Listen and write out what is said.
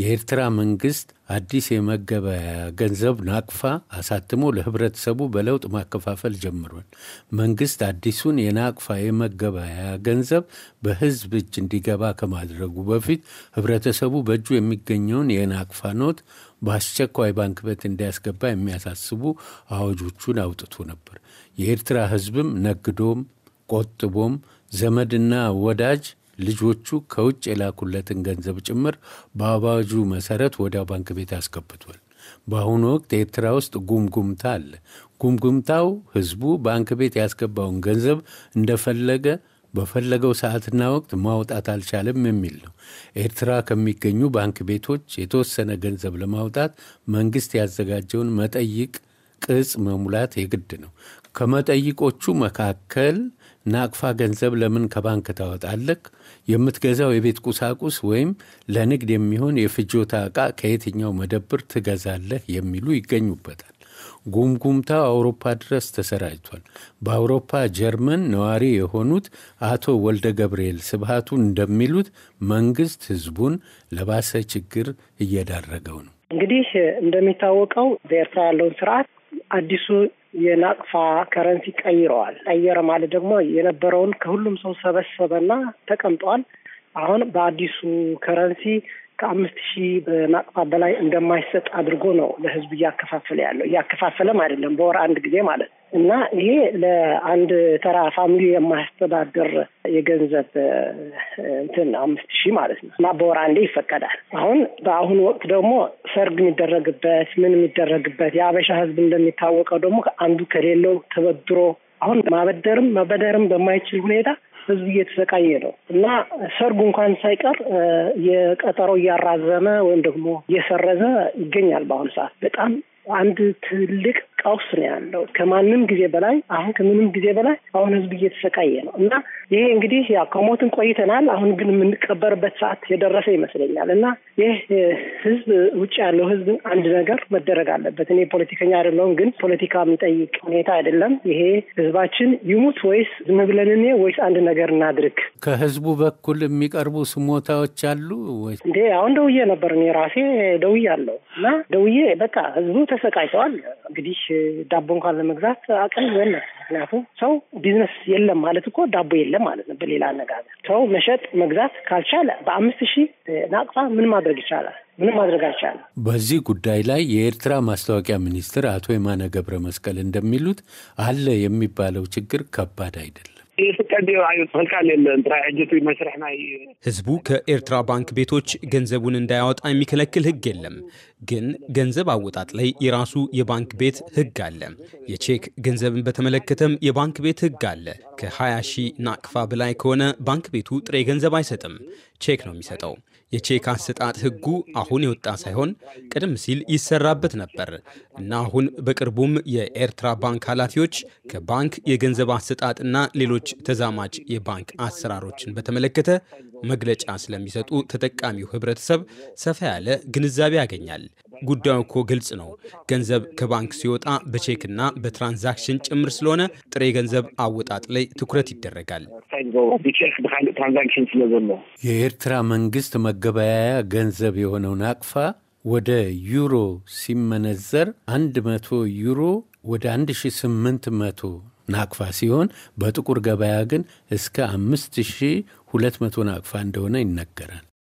የኤርትራ መንግስት አዲስ የመገበያያ ገንዘብ ናቅፋ አሳትሞ ለህብረተሰቡ በለውጥ ማከፋፈል ጀምሯል። መንግስት አዲሱን የናቅፋ የመገበያያ ገንዘብ በህዝብ እጅ እንዲገባ ከማድረጉ በፊት ህብረተሰቡ በእጁ የሚገኘውን የናቅፋ ኖት በአስቸኳይ ባንክ ቤት እንዲያስገባ የሚያሳስቡ አዋጆቹን አውጥቶ ነበር። የኤርትራ ህዝብም ነግዶም ቆጥቦም ዘመድና ወዳጅ ልጆቹ ከውጭ የላኩለትን ገንዘብ ጭምር በአባጁ መሰረት ወደ ባንክ ቤት አስገብቷል። በአሁኑ ወቅት ኤርትራ ውስጥ ጉምጉምታ አለ። ጉምጉምታው ህዝቡ ባንክ ቤት ያስገባውን ገንዘብ እንደፈለገ በፈለገው ሰዓትና ወቅት ማውጣት አልቻለም የሚል ነው። ኤርትራ ከሚገኙ ባንክ ቤቶች የተወሰነ ገንዘብ ለማውጣት መንግስት ያዘጋጀውን መጠይቅ ቅጽ መሙላት የግድ ነው። ከመጠይቆቹ መካከል ናቅፋ ገንዘብ ለምን ከባንክ ታወጣለህ? የምትገዛው የቤት ቁሳቁስ ወይም ለንግድ የሚሆን የፍጆታ ዕቃ ከየትኛው መደብር ትገዛለህ? የሚሉ ይገኙበታል። ጉምጉምታው አውሮፓ ድረስ ተሰራጭቷል። በአውሮፓ ጀርመን ነዋሪ የሆኑት አቶ ወልደ ገብርኤል ስብሃቱ እንደሚሉት መንግስት ህዝቡን ለባሰ ችግር እየዳረገው ነው። እንግዲህ እንደሚታወቀው በኤርትራ ያለውን ስርዓት አዲሱ የናቅፋ ከረንሲ ቀይረዋል። ቀየረ ማለት ደግሞ የነበረውን ከሁሉም ሰው ሰበሰበና ተቀምጠዋል። አሁን በአዲሱ ከረንሲ ከአምስት ሺህ በናቅፋ በላይ እንደማይሰጥ አድርጎ ነው ለህዝብ እያከፋፈለ ያለው። እያከፋፈለም አይደለም፣ በወር አንድ ጊዜ ማለት ነው። እና ይሄ ለአንድ ተራ ፋሚሊ የማያስተዳድር የገንዘብ እንትን አምስት ሺህ ማለት ነው እና በወር አንዴ ይፈቀዳል። አሁን በአሁኑ ወቅት ደግሞ ሰርግ የሚደረግበት ምን የሚደረግበት የአበሻ ህዝብ እንደሚታወቀው ደግሞ አንዱ ከሌለው ተበድሮ አሁን ማበደርም መበደርም በማይችል ሁኔታ ህዝብ እየተሰቃየ ነው እና ሰርጉ እንኳን ሳይቀር የቀጠሮ እያራዘመ ወይም ደግሞ እየሰረዘ ይገኛል። በአሁኑ ሰዓት በጣም አንድ ትልቅ ቀውስ ነው ያለው። ከማንም ጊዜ በላይ አሁን ከምንም ጊዜ በላይ አሁን ህዝብ እየተሰቃየ ነው እና ይሄ እንግዲህ ያው ከሞትን ቆይተናል። አሁን ግን የምንቀበርበት ሰዓት የደረሰ ይመስለኛል እና ይህ ህዝብ ውጭ ያለው ህዝብ አንድ ነገር መደረግ አለበት። እኔ ፖለቲከኛ አይደለሁም፣ ግን ፖለቲካ የሚጠይቅ ሁኔታ አይደለም። ይሄ ህዝባችን ይሙት ወይስ ዝም ብለን እኔ ወይስ አንድ ነገር እናድርግ። ከህዝቡ በኩል የሚቀርቡ ስሞታዎች አሉ ወይ? እንዴ አሁን ደውዬ ነበር እኔ ራሴ ደውዬ አለው እና ደውዬ በቃ ህዝቡ ተሰቃይተዋል እንግዲህ ዳቦ እንኳን ለመግዛት አቅም የለም። ምክንያቱም ሰው ቢዝነስ የለም ማለት እኮ ዳቦ የለም ማለት ነው። በሌላ አነጋገር ሰው መሸጥ መግዛት ካልቻለ በአምስት ሺህ ናቅፋ ምን ማድረግ ይቻላል? ምንም ማድረግ አይቻልም። በዚህ ጉዳይ ላይ የኤርትራ ማስታወቂያ ሚኒስትር አቶ የማነ ገብረ መስቀል እንደሚሉት አለ የሚባለው ችግር ከባድ አይደለም። ህዝቡ ከኤርትራ ባንክ ቤቶች ገንዘቡን እንዳያወጣ የሚከለክል ህግ የለም። ግን ገንዘብ አወጣጥ ላይ የራሱ የባንክ ቤት ህግ አለ። የቼክ ገንዘብን በተመለከተም የባንክ ቤት ህግ አለ። ከ20 ሺህ ናቅፋ በላይ ከሆነ ባንክ ቤቱ ጥሬ ገንዘብ አይሰጥም፣ ቼክ ነው የሚሰጠው። የቼክ አሰጣጥ ህጉ አሁን የወጣ ሳይሆን ቀደም ሲል ይሰራበት ነበር እና አሁን በቅርቡም የኤርትራ ባንክ ኃላፊዎች ከባንክ የገንዘብ አሰጣጥና ሌሎች ተዛማጅ የባንክ አሰራሮችን በተመለከተ መግለጫ ስለሚሰጡ ተጠቃሚው ህብረተሰብ ሰፋ ያለ ግንዛቤ ያገኛል። ጉዳዩ እኮ ግልጽ ነው። ገንዘብ ከባንክ ሲወጣ በቼክና በትራንዛክሽን ጭምር ስለሆነ ጥሬ ገንዘብ አወጣጥ ላይ ትኩረት ይደረጋል። የኤርትራ መንግስት መገበያያ ገንዘብ የሆነውን አቅፋ ወደ ዩሮ ሲመነዘር 100 ዩሮ ወደ 1800 ናቅፋ ሲሆን በጥቁር ገበያ ግን እስከ 5200 ናቅፋ እንደሆነ ይነገራል።